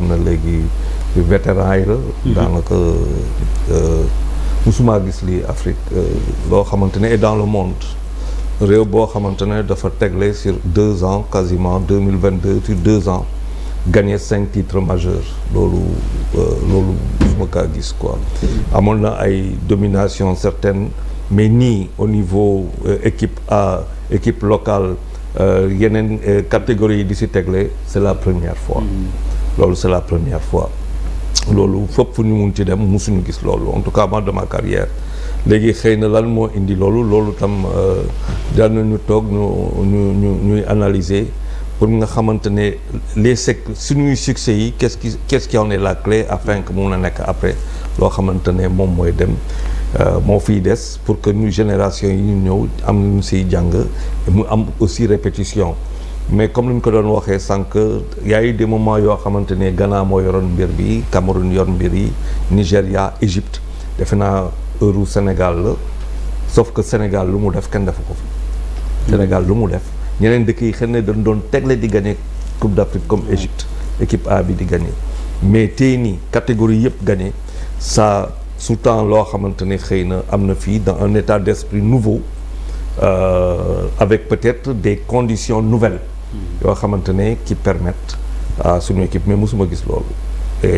léegi ne léegi vétéran yi la mhm. daanaka euh, musuma gis lii Afrique euh, loo xamante ne et dans le monde réew boo xamante ne dafa tegle sur deux ans quasiment deux mille vingt deux sur deux ans gagné cinq titres majeurs loolu euh, loolu musuma kaa gis quoi amoon na ay domination certaine mais nii au niveau équipe A équipe locale yeneen catégorie yi di si tegle c'est la première fois mhm. loolu c'est la première fois loolu fépp nu ñu mun ci dem musuñu gis loolu en tout cas moi de ma carrière léegi xëy na lan moo indi loolu loolu tam euh, daan nañu toog ñu ñu ñu ñuy analyser pour nga xamante ne les sec suñuy succès yi qu'est-ce qui qu'est-ce qui en la clé afin que mun a nekk après loo xamante ne moom mooy dem euh, moo fiy des pour que ñu génération yi ñu ñëw am ñu siy jàng mu am aussi répétition mais comme lu ñu ko doon waxee sànq yaay a eu yoo xamante ne Ghana moo yoroon mbir bi Cameroun yor mbir yi nigeria Égypte defe naa heure Sénégal la sauf que Sénégal lu mu def kenn defu ko fi. Sénégal lu mu def ñeneen dëkk yi xëy ne dañ doon tegle di gagné Coupe d'Afrique comme Égypte équipe A bi di gagné mais tey nii catégorie yëpp gagné sa sous-tend loo xamante ne xëy na am na fii dans un état d'esprit nouveau euh, avec peut-être des conditions nouvelles. yoo xamante ne qui permettent à suñu équipe mais mosuma gis loolu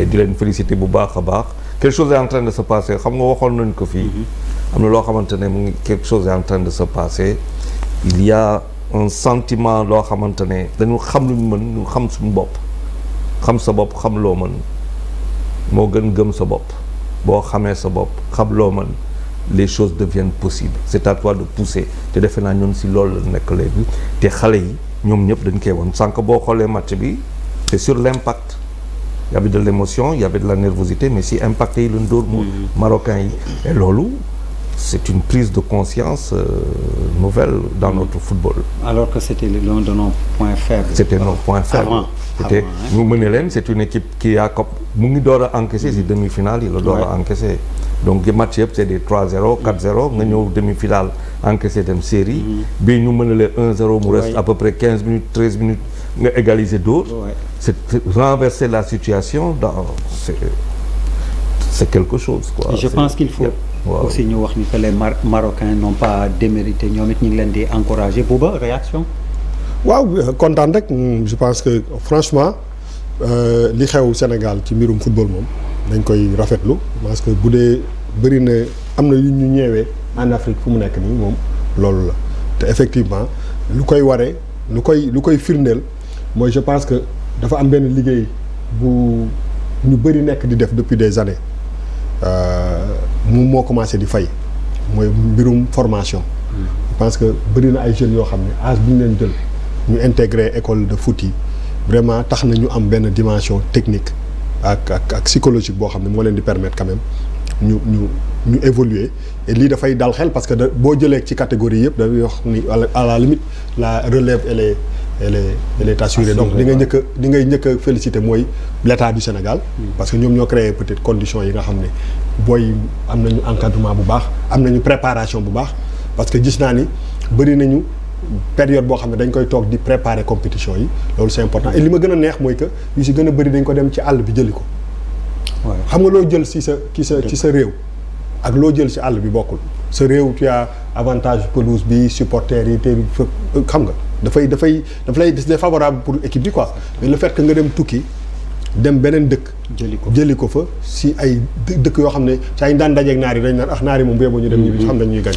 di leen féliciter bu baax a baax quelque chose est en train de se passer xam nga waxoon nañ ko fii mm-hmm. am na loo xamante ne mu ngi quelque chose est en train de se passer il y un sentiment loo xamante ne dañu xam luñ mën ñu xam suñu bopp xam sa bopp xam loo mën moo gën gëm sa bopp boo xamee sa bopp xam loo mën les choses deviennent possibles c'est à toi de pousser te defe naa ñun si loolu la nekk léegi te xale yi ñoom ñëpp dañ koy woon sànq boo xoolee match bi c'est sur l'impact y avait de l'émotion y avait de la nervosité mais si impact yi lañ dóor mu mm-hmm. marocain yi et loolu c'est une prise de conscience euh, nouvelle dans mmh. notre football. que c'était no de nos points faibles. c'était nos points faibles. avant leen c'est une équipe qui a mu ngi door a encaissé si demi-finale yi la door a encaissé donc match yëpp c'est des 3-0 4-0 nga ñëw demi-finale encaissé dem série mm-hmm. bii ñu mënalee 1-0 mu reste à peu près minutes minutes nga égaliser dóor c'est renverser la situation dans c'est c'est quelque chose quoi je pense qu'il faut ñu wax ni que les Mar Marocains n'ont pas démérité ñoom it ñu ngi leen di encourager Bouba réaction waaw euh, kontaan rek mm, je franchement Euh, li xew Sénégal ci mbirum football moom dañ koy rafetlu parce que bu dee bëri na am na yu ñu ñeewee en Afrique fu mu nekk nii moom loolu la te effectivement lu koy waree lu koy lu koy firndeel mooy je pense que dafa am benn liggéey bu ñu bëri nekk di def depuis des années euh, moom moo commencé di fay mooy mbirum formation. parce hmm. que bëri na ay jeunes yoo xam ne âge bu leen jël ñu intégré école de foot vraiment tax na ñu am benn dimension technique ak ak ak psychologique boo xam ne moo leen di permettre quand ñu ñu ñu évoluer et lii dafay dal xel parce que boo jëlee ci catégorie yëpp da wax ni à la limite la relève elle est elle est elle donc di ngay njëkk di ngay njëkk a félicité mooy l'état du Sénégal hmm. parce que ñoom ñoo créé peut-être conditions yi nga xam ne booy am nañu encadrement bu baax am nañu préparation bu baax parce que gis naa ni bëri nañu période boo xam ne dañ koy toog di préparer compétition yi loolu c'est important et li ma gën a neex mooy que yu si gën a bëri dañ ko dem ci àll bi jëli ko. xam nga loo jël si sa ci sa ci sa réew. ak loo jël si àll bi bokkul sa réew tu avantage pelouse bi supporter yi te xam nga dafay dafay daf lay c'est favorable pour équipe bi quoi mais le fait que nga dem tukki dem beneen dëkk. jëli ko jëli ko fa si ay dëkk yoo xam ne si ay daan dajeeg naar yi dañ naan ah naar yi moom bu yeboo ñu dem ñibbi mm-hmm. xam nañ ñuy gañ.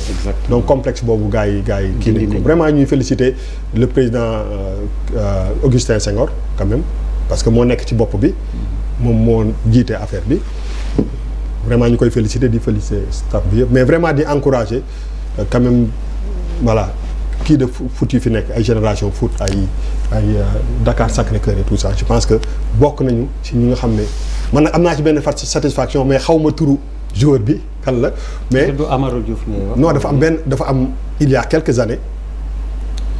donc complexe boobu gars yi gars yi. kii nañ ko vraiment ñuy féliciter le président euh, euh, Augustin Senghor quand même parce que moo nekk ci bopp bi mm-hmm. moom moo jiite affaire bi vraiment ñu koy féliciter di féliciter staff bi yëpp mais vraiment di encourager euh, quand même kii de foot yi fi nekk ay génération foot ay dakaar euh, Dakar Sacré-Cœur et tout ça je pense que bokk nañu si ñu nga xam ne man nag am naa ci benn fat satisfaction mais xaw ma turu joueur bi kan la mais du Amadou Diouf non dafa am benn dafa am il quelques années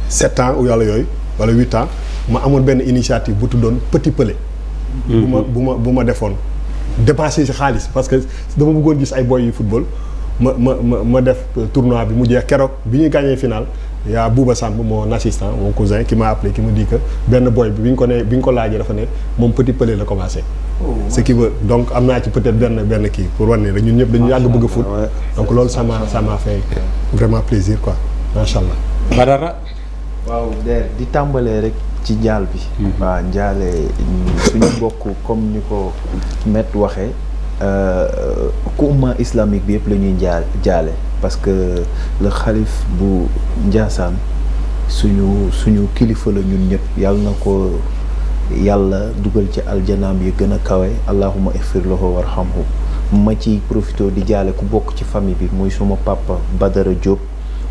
sept ans ou yàlla yooyu wala huit ans ma amoon benn initiative bu tuddoon Petit Pelé mm-hmm. bu ma bu ma bu ma defoon dépensé si xaalis parce que dama bëggoon gis ay boy yu football ma ma ma ma def tournoi bi mu jeex keroog bi ñuy gagné final y a Bouba moo mon assistant mon cousin qui m'a appelé qui me dit benn boy bi bi ñu ko nee bi ñu ko laajee dafa ne moom petit pële la commencé. Oh. ce qui veut donc am naa ci peut-être benn benn kii pour wane ne rek ñun ñëpp dañu yàgg bëgg a foot. donc loolu ça m'a ça m'a fait vraiment plaisir quoi macha allah. Badara. waaw di tàmbalee rek. ci jaal bi mhm. waaw njaale suñu bokk comme ñu ko met waxee euh, kumma islamique bi yëpp la ñuy jaale parce que le xalif bu Ndiassane suñu suñu kilifa la ñun ñëpp yàlla na ko yàlla dugal ci aljanaam yi gën a kawe allahuma ixfir lahu warhamhu ma ci profité di jaale ku bokk ci famille bi muy suma papa Badara Diop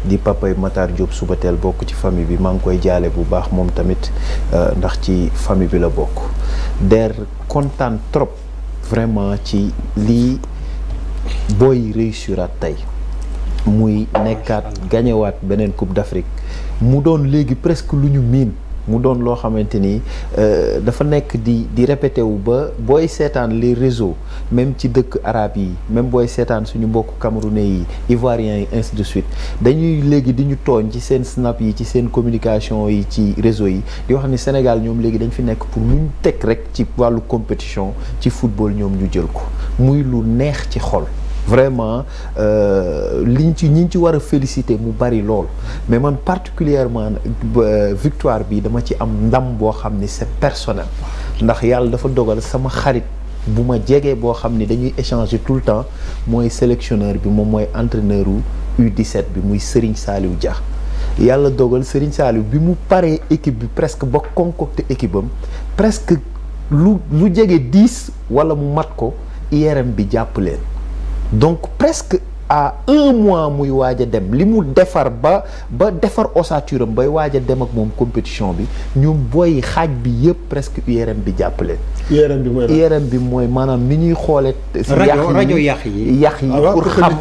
di papay Matar Diop suba teel bokk ci famille bi maa ngi koy jaale bu baax moom tamit euh, ndax ci famille bi la bokk der kontaan trop vraiment ci lii booy réussiraat tey muy nekkaat gañewaat beneen Coupe d'Afrique mu doon léegi presque lu ñu miin mu doon loo xamante ni euh, dafa nekk di di répété wu ba booy seetaan li réseau même ci dëkk arabe yi même booy seetaan suñu mbokk camerounais yi ivoiriens yi ainsi de suite dañuy léegi di ñu tooñ ci seen snap yi ci seen communication yi ci réseau yi di wax ni Sénégal ñoom léegi dañ fi nekk pour lu ñu teg rek ci wàllu compétition ci football ñoom ñu jël ko muy lu neex ci xol. vraiment euh, liñ ci ñi ci war a féliciter mu bari lool mais man particulièrement euh, victoire bi dama ci am ndam boo xam ni c'est personnel ndax yàlla dafa dogal sama xarit bu ma jegee boo xam ni dañuy échangé tout le temps mooy sélectionneur bi moom mooy entraîneur u u bi muy Serigne Saliou Dia yàlla dogal Serigne Saliou bi mu paree équipe bi presque ba concocté équipe am presque lu lu jege dix wala mu mat ko IRM bi jàpp leen donc presque à un mois muy waaja dem li mu defar ba ba defar ossature am bay waaja dem ak moom compétition bi ñu booy xaaj bi yëpp presque URM bi jàppale. URM bi mooy URM bi mooy maanaam ni ñuy xoole si rajo yàq yi yàq yi ah pour xam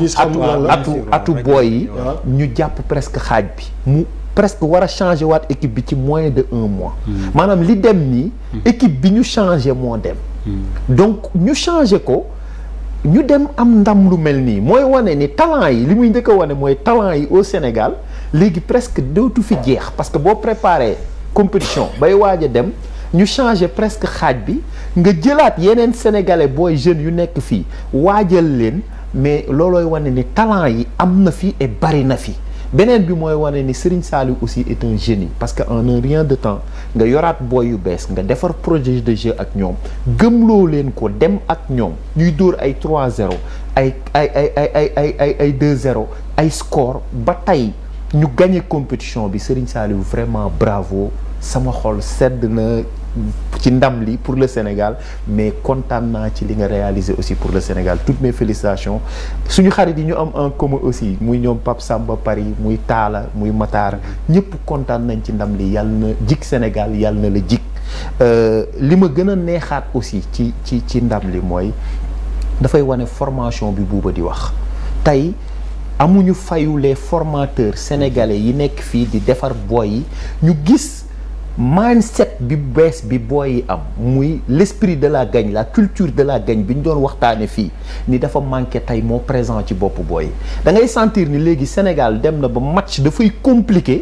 atu atu booy yi. Ah. ñu jàpp presque xaaj bi mu. presque war a changé waat équipe bi ci moins de un mois. Hmm. maanaam li dem nii. Hmm. équipe bi ñu changé moo dem. Hmm. donc ñu changé ko. ñu dem am ndam lu mel nii mooy wane ni talent yi li muy njëkk a wane mooy talent yi au Sénégal léegi presque dootu fi jeex parce que boo préparé compétition bay waaj a dem ñu changé presque xaaj bi nga jëlaat yeneen sénégalais booy jeunes yu nekk fii waajal leen mais loolooy wane ni talent yi am na fi et bari na fi. beneen bi mooy wane ni Serigne Saliou aussi est un génie parce que en un rien de temps nga yoraat booy yu bees nga defar projet de jeu ak ñoom gëmloo leen ko dem ak ñoom ñuy dóor ay trois 0 ay ay ay ay ay ay ay 2-0 ay score ba tey. ñu gagné compétition bi Serigne Saliou vraiment bravo sama xol sedd na ci ndam li pour le Sénégal mais kontaan naa ci li nga réaliser aussi pour le Sénégal toutes mes félicitations suñu xarit yi ñu am en commun aussi muy ñoom Pape Samba Paris muy Talla muy Matar ñëpp kontaan nañ ci ndam li yàlla na jik Sénégal yàlla na la jik euh, li ma gën a neexaat aussi ci ci ci ndam li mooy dafay wane formation bi buuba di wax tey amuñu fayu les formateurs sénégalais yi nekk fii di defar booy yi ñu gis mindset bi bees bi booy yi am muy l'esprit de la gagne la culture de la gagne bi ñu doon waxtaane fii ni dafa manqué tey moo présent ci bopp booy yi da ngay sentir ni léegi Sénégal dem na ba match dafay compliqué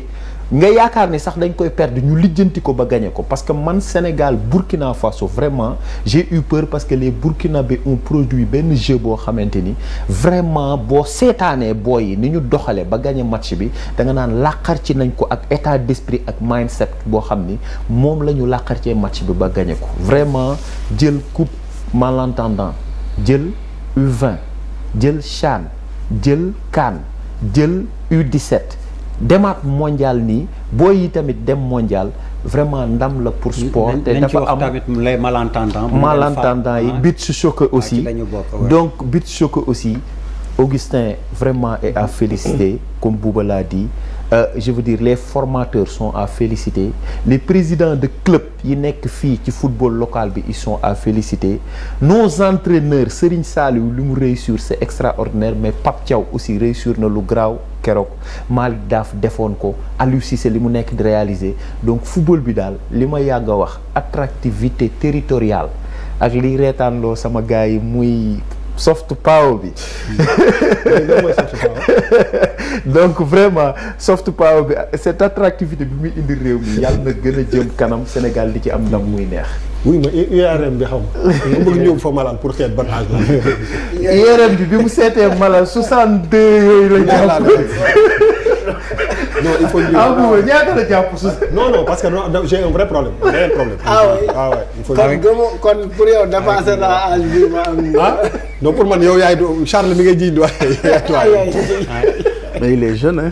nga yaakaar ni sax dañ koy perd ñu lijjanti ko ba gagné ko parce que man Sénégal Burkina Faso vraiment j'ai eu parce que les bi un produit benn jeu boo xamante ni vraiment boo seetaanee booy yi ni ñu doxalee ba gagné match bi da nga naan làqar ci nañ ko ak état d'esprit ak mindset boo xam ni moom la ñu làqar cee match bi ba gagné ko vraiment jël coupe malentendant jël U20 jël CHAN jël CAN jël U17 demaat mondial nii booy yi tamit dem mondial vraiment ndam la pour sport te dafa am malentendant yi but su choqué aussi donc but choqué aussi Augustin vraiment est à féliciter, mm. comme Bouba l'a dit. Euh, je veux dire, les formateurs sont à félicité Les présidents de yi nekk fii ci football local, bi ils sont à féliciter. Nos entraîneurs, Serine lu mu réussir, c'est extraordinaire, mais Pap Tiaw aussi réussir na lu grave. keroog Malick Daaf defoon ko Aliou Cissé li mu nekk réaliser donc football bi daal li ma yàgg a wax attractivité territoriale ak liy reetaanloo sama gars yi muy soft power bi. donc vraiment soft power bi cette attractivité bi muy indi réew mi yàlla na gën a jëm kanam Sénégal li ci am ndam muy neex. wuy ma IRM bi xam nga bëgg ñëw fa malal pour seet ban âge la. IRM bi bi mu seetee malal 62 yooyu lañ. jàpp non il faut ñu. ah bu ñaata la jàpp non non parce que non j'ai un vrai problème beneen problème. ah oui ah oui il faut. kon gëmoo kon pour yow dépassé naa âge bi ma am. ah non pour man yow yaay Charles mi ngay ji doy yaay doy. Ah, ah. mais il est jeune hein.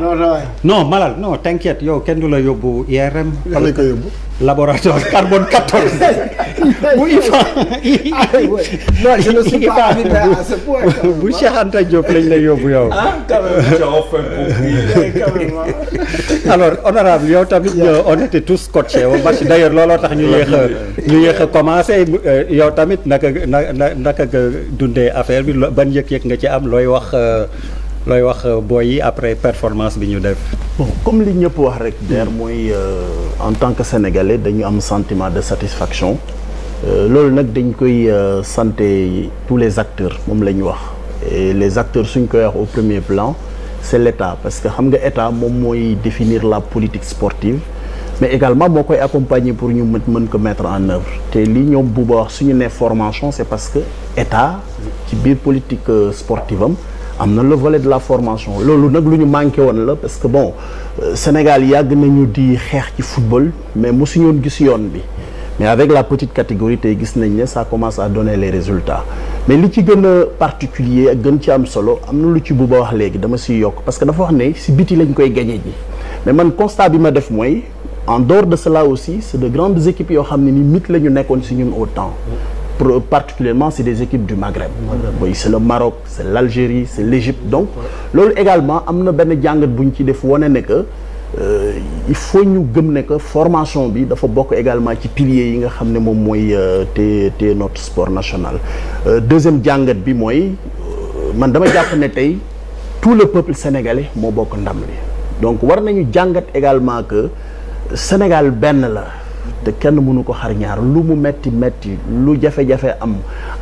non non eh. malal non t'inquiète yow kenn du la yóbbu IRM. fan lañ koy yóbbu. laboratoire carbone 14. bu IFA. bu Cheikh Anta lañ lay yóbbu yow. Ah, alors honorable yow tamit euh, on était tous scotchés au match d'ailleurs looloo tax ñu yéex a ñu yéex a commencé euh, yow tamit naka naka nga dundee affaire bi ban yëg-yëg nga ci am looy wax. Euh, looy wax euh, booy yi après performance bi ñu def. bon comme li ñëpp wax rek. der mooy euh, en tant que sénégalais dañu am sentiment de satisfaction. Euh, loolu nag dañ koy sante tous les acteurs moom la ñu wax et les acteurs suñ koy wax au premier plan c'est l'État parce que xam nga État moom mooy définir la politique sportive mais également moo koy accompagner pour ñu mën ko mettre en œuvre te li ñoom bu ba wax suñu ne formation c'est parce que État ci biir politique sportive am na le volet de la formation loolu nag lu ñu manqué woon la parce que bon euh, Sénégal yàgg nañu di xeex ci football mais mosu ñoon gis yoon bi mais avec la petite catégorie tey gis nañ ne ça commence à donner les résultat mais li ci gën a particulier ak gën ci am solo am na lu ci bu ba wax léegi dama siy yokk parce que dafa wax ne si biti lañ koy gañe ji mais man constat bi ma def mooy en dehors de cela aussi c'est de grandes équipes yoo xam ne ni la ñu nekkoon si ñun au temps particulièrement c'est des équipes du Maghreb oui c'est le Maroc c'est l'Algérie c'est l'Égypte donc loolu également am na benn jàngat bu ñu ci def wane ne que euh, il faut ñu gëm ne que formation bi dafa bokk également ci pilier yi nga xam ne moom mooy euh, te te notre sport national euh, deuxième jàngat bi mooy man dama jàpp ne tey tout le peuple sénégalais moo bokk ndam li donc war nañu jàngat également que Sénégal benn la te kenn mënu ko xar lu mu metti metti lu jafe-jafe am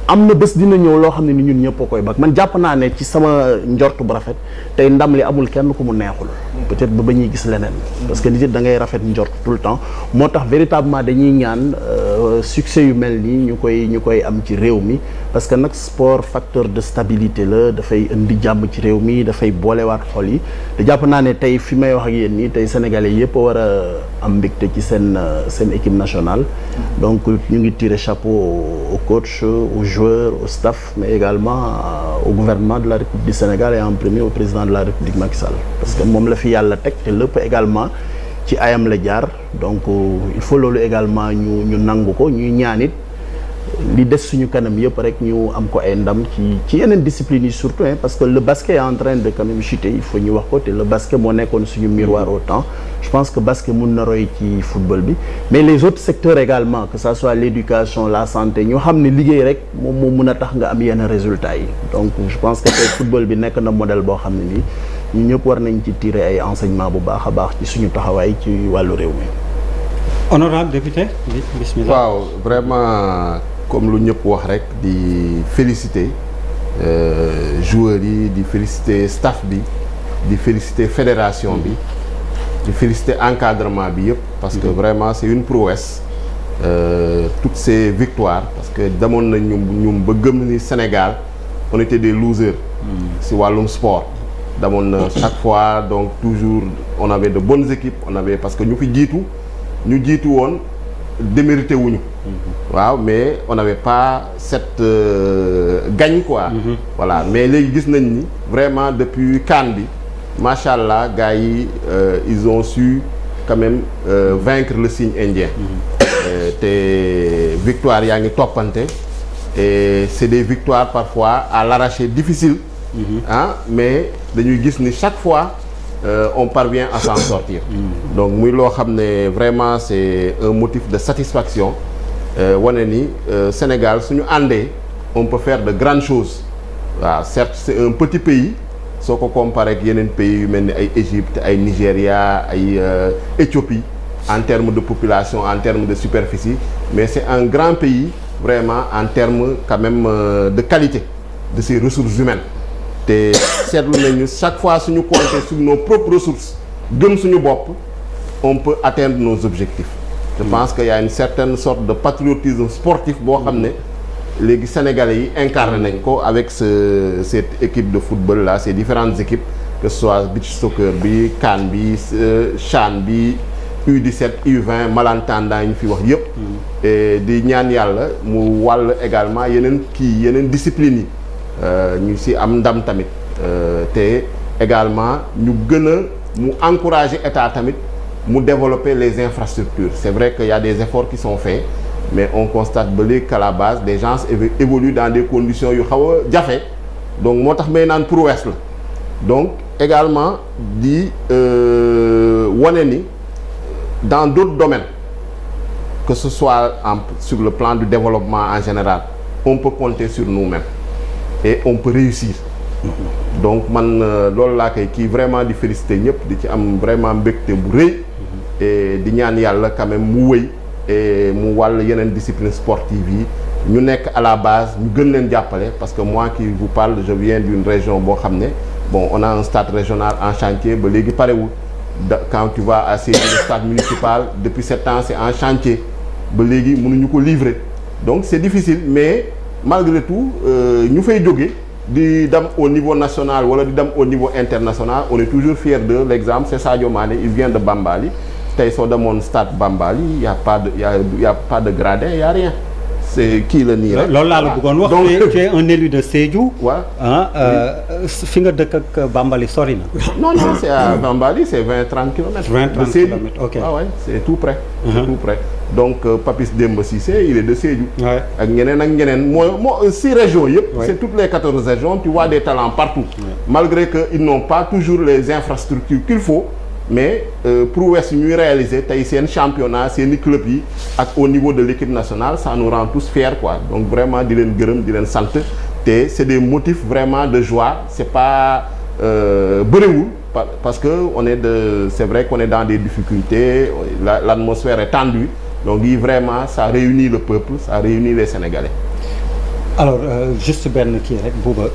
am na bés dina ñëw loo xam ne ni ñun ñëpp koy bag man jàpp naa ne ci sama njort bu rafet tey ndam li amul kenn ku mu neexul peut-être ba ba ñuy gis leneen. parce que nit it da ngay rafet njort tout le temps moo tax véritablement dañuy ñaan euh, succès yu mel nii ñu koy ñu koy am ci réew mi parce que nag sport facteur de stabilité la dafay indi jàmm ci réew mi dafay boolewaat xol yi te jàpp naa ne tey fi may wax ak yéen nii tey sénégalais yëpp a war a am mbigte ci seen euh, seen équipe nationale. donc ñu ngi tiire chapeau au coach aux joueurs au staff mais également euh, au gouvernement de la République du Sénégal et président de la République Macky fi yàlla teg te lépp également ci ayam la jaar donc il faut loolu également ñu ñu nangu ko ñuy ñaanit li des suñu kanam yëpp rek ñu am ko ay ndam ci ci yeneen discipline yi surtout parce que le basket est en train de quand même chuter il faut ñu wax ko te le basket moo nekkoon suñu miroir au temps je pense que basket mun na roy ci football bi mais les autres secteurs également que ça soit l'éducation la santé ñu xam ne liggéey rek moom moo mun a tax nga am yenn résultat yi donc je boo xam ne ñu ñëpp war nañ ci tirer ay enseignement bu baax a baax ci suñu taxawaay ci wàllu réew mi. honorable député bismillah waaw vraiment comme lu ñëpp wax rek di félicité euh, joueurs yi di félicité staff bi di féliciter fédération bi di féliciter encadrement bi yëpp parce que mhm. vraiment c'est une prouesse Euh, toutes ces victoires parce que demoon na ñu ñum ba gëm ni Sénégal on était des losers. Mhm. si wàllum sport. damoon na euh, chaque fois donc toujours on avait de bonnes équipes on avait parce que ñu fi jiitu ñu jiitu woon démérité wuñu mhm. waaw mais on n'avait pas cette gañ euh, gagne quoi mhm. voilà mais léegi gis nañ ni vraiment depuis CAN bi macha allah gars yi euh, ils ont su quand même euh, vaincre le signe indien mhm. euh, te victoire yaa ngi toppante et c'est des victoires parfois à l'arraché difficile ah mm mais dañuy gis ni chaque fois euh, on parvient à s'en sortir mm. donc muy loo xam ne vraiment c'est un motif de satisfaction euh, wane euh, ni Sénégal suñu àndee on peut faire de grande choses waaw certes c'est un petit pays soo ko comparé yeneen pays yu mel ni ay Égypte ay Nigéria ay euh, Éthiopie en termes de population en termes de superficie mais c'est un grand pays vraiment en termes quand même euh, de qualité de ses ressources humaines te seetlu nañu chaque fois suñu compter sur nos propres ressources gëm suñu bopp on peut atteindre nos objectifs je mm. pense que y a une certaine sorte de patriotisme sportif boo xam ne léegi sénégalais yi incarné nañ ko avec ce cette équipe de football là ces différentes équipes que ce soit beach soccer bi CAN bi euh, CHAN bi U17 U20 malentendant yi ñu fi wax yëpp. Mm. di ñaan yàlla mu wàll également yeneen kii yeneen discipline yi. Euh, ñu si am ndam tamit euh, te également ñu gën a mu encourager état tamit mu développer les infrastructures c'est vrai que y des efforts qui sont faits mais on constate ba léegi qu'à la base des gens évoluent dans des conditions yu xaw a jafe donc moo tax may naan prouesse la donc également di euh, wane ni dans d'autres domaines que ce soit en sur le plan du développement en général on peut compter sur nous-mêmes et on peut réussir donc man euh, loolu laa koy kii vraiment di félicité ñëpp di ci am vraiment mbégte bu rëy et di ñaan yàlla quand mu wëy et mu wàll yeneen discipline sportive yi ñu nekk à la base ñu gën leen jàppale parce que moi qui vous parle je viens d'une région boo xam ne bon on a stade régional en chantier ba léegi parewul da quand tu vas à Sédhiou le stade municipal depuis sept ans c'est en chantier ba léegi mënuñu ko livrer donc c'est difficile mais malgré tout euh, ñu fay jóge di dem au niveau national wala di dem au niveau international on est toujours fier de l'exemple c'est Sadio Mané il vient de Bambali tey soo demoon stade Bambali y pas de y a y a pas de gradin y rien c'est kii la nii rek. loolu laa la bëggoon wax donc tu es un élu de Sédhiou. wa ah, euh, fi nga dëkk ak Bambali sori na. non non c'est à Bambali vingt trente kilomètres. vingt trente kilomètres ok ah c'est tout près. Uh-huh. tout près donc euh, Papis Demba Cissé il est de Sédhiou. ak ñeneen ak ñeneen mooy moo euh, si région yëpp. c'est toutes les quatorze régions tu vois de talents partout. malgré que ils n'ont pas toujours les infrastructures qu'il faut. mais euh, prouesse ñuy réaliser tey seen championnat seeni club yi ak au niveau de l'équipe nationale ça nous rend tous fiers quoi donc vraiment di leen gërëm di leen sant te c'est des motifs vraiment de joie c'est pas euh, bëriwul euh, parce que on est de c'est vrai qu'on est dans des difficultés l'atmosphère est tendue donc yi vraiment ça réunit le peuple ça réunit les Sénégalais alors euh, juste benn kii rek buuba.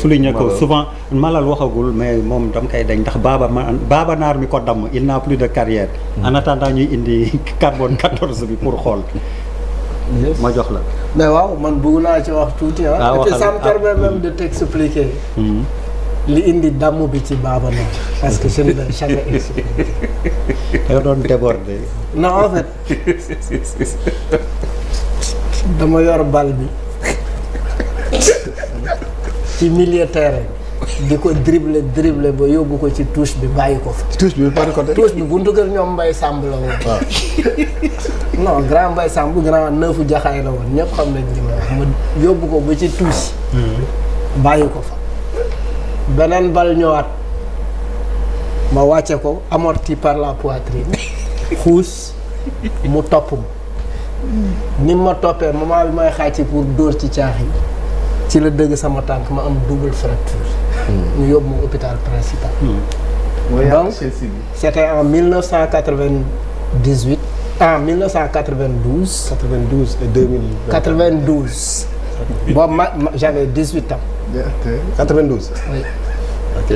souligné ko souvent Malal waxagul mais moom dam koy dañ ndax baaba man baaba naar bi ko damm il n'a plus de carrière. Mm. en attendant ñuy indi carbone 14 bi pour xool. ma jox la. mais waaw man bëgg naa ci wax tuuti ah. ah, ah mm. mm. li indi damm bi ci baaba naar. parce que je ne l'ai jamais expliqué. yow doon débordé. non en fait dama yor bal bi. ci milieu terrain di ko dribble dribble ba yóbbu ko ci touche bi bàyyi ko fa. touche bi bari ko de. touche bi buntu kër ñoom Mbaye Samb la woon. waaw grand Mbaye Samb grand neefu jaxaay la woon ñëpp xam nañ li ma yóbbu ko ba ci touche. Hmm. bàyyi ko fa. beneen bal ñëwaat ma wàcce ko amorti par la poitrine xuus mu topp ma. ni ma toppee moment bi may xàcc pour dóor ci caax yi. ci la dégg sama tànk ma am double fracture. Hmm. ñu yóbbu ma hôpital principal. Hmm. donc c' était en 1998. en 1992. 92 et 2000. 92. boobu ma ma j' avais 18 ans. 92. oui.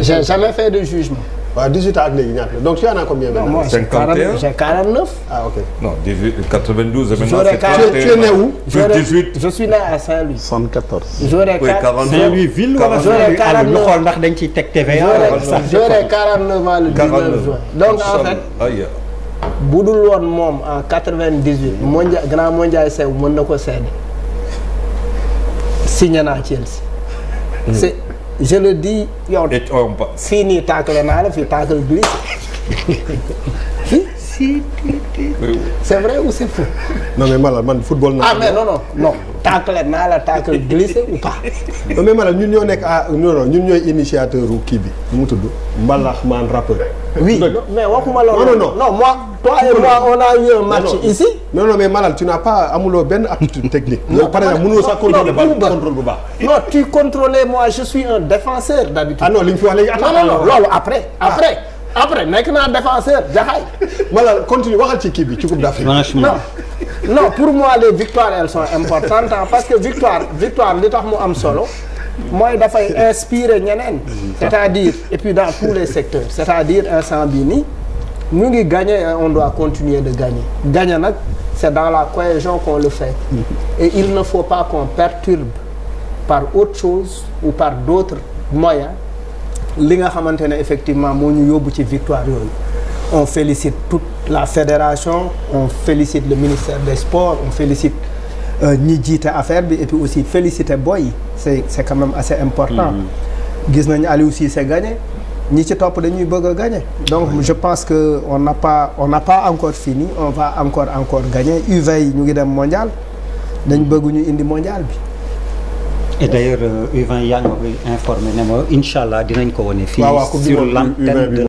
j'ai jamais fait de jugement. waaw 18 ans ak léegi ñaata donc tu en as combien maintenant. non moi j'ai 49. ah ok non 18 92. j'aurais 41 tu es né où. 18 je suis né à Saint-Louis. 74. j'aurais 40 Saint-Louis ville wala Saint-Louis àll ah, ñu xool ndax dañ ciy teg TVA. j'aurais 49 ans le 19 juin. donc en fait ah, bu dul woon moom en 98. mondial grand mondial sew mën na ko seede signé naa Chelsea. Hmm. je le dis yow. fii nii taakale naa la fii taakal glisse. si c'est vrai ou c'est faux. non mais Malal man football. naa ah mais non non non. tacle la tacle glissé ou non mais Malal ñun ñoo nekk ah non non ñun ñooy initiateur u kii bi mu tudd. Mbalax man rappeur. oui mais waxuma loolu. non non non moi. toi et moi on a eu un match ici. non non mais Malal tu n'as pas amuloo benn aptitude technique. non par exemple mënuloo sax contrôler bal contrôle non tu contrôlais moi je suis un défenseur d'habitude. Ah, non li fi wax léegi. non non après ah. après. après nekk naa défenseur jaxaay malal continue waxal ci kii bi ci Coupe d'Afrique non non pour moi les victoires elles sont importantes parce que victoire victoire li tax mu am solo mooy dafay inspirer ñeneen c'est-à-dire et dans tous les secteurs c'est-à-dire instant bii nii ñu ngi gagner on doit continuer de gagner gagner nag c'est dans la cohésion qu'on le fait et il ne faut pas qu'on perturbe par autre chose ou par d'autres moyens li nga xamante ne effectivement moo ñu yóbbu ci victoire yooyu on félicite tout la fédération on félicite le ministère des sports on félicite euh, ñi jiite affaire bi et aussi féliciter boy yi c'est c'est quand même assez important mm. gis nañu Aliou Cissé gagné ñi ci topp dañuy bëgg a donc je pense que on n'a pas on n'a pas encore fini on va encore encore gagner UV yi ñu ngi dem mondial dañ bëgg ñu indi mondiale bi et d' ailleurs U20 euh, yaa ngi ma koy informé ne ma incha allah dinañ ko wane. fii sur l'antenne de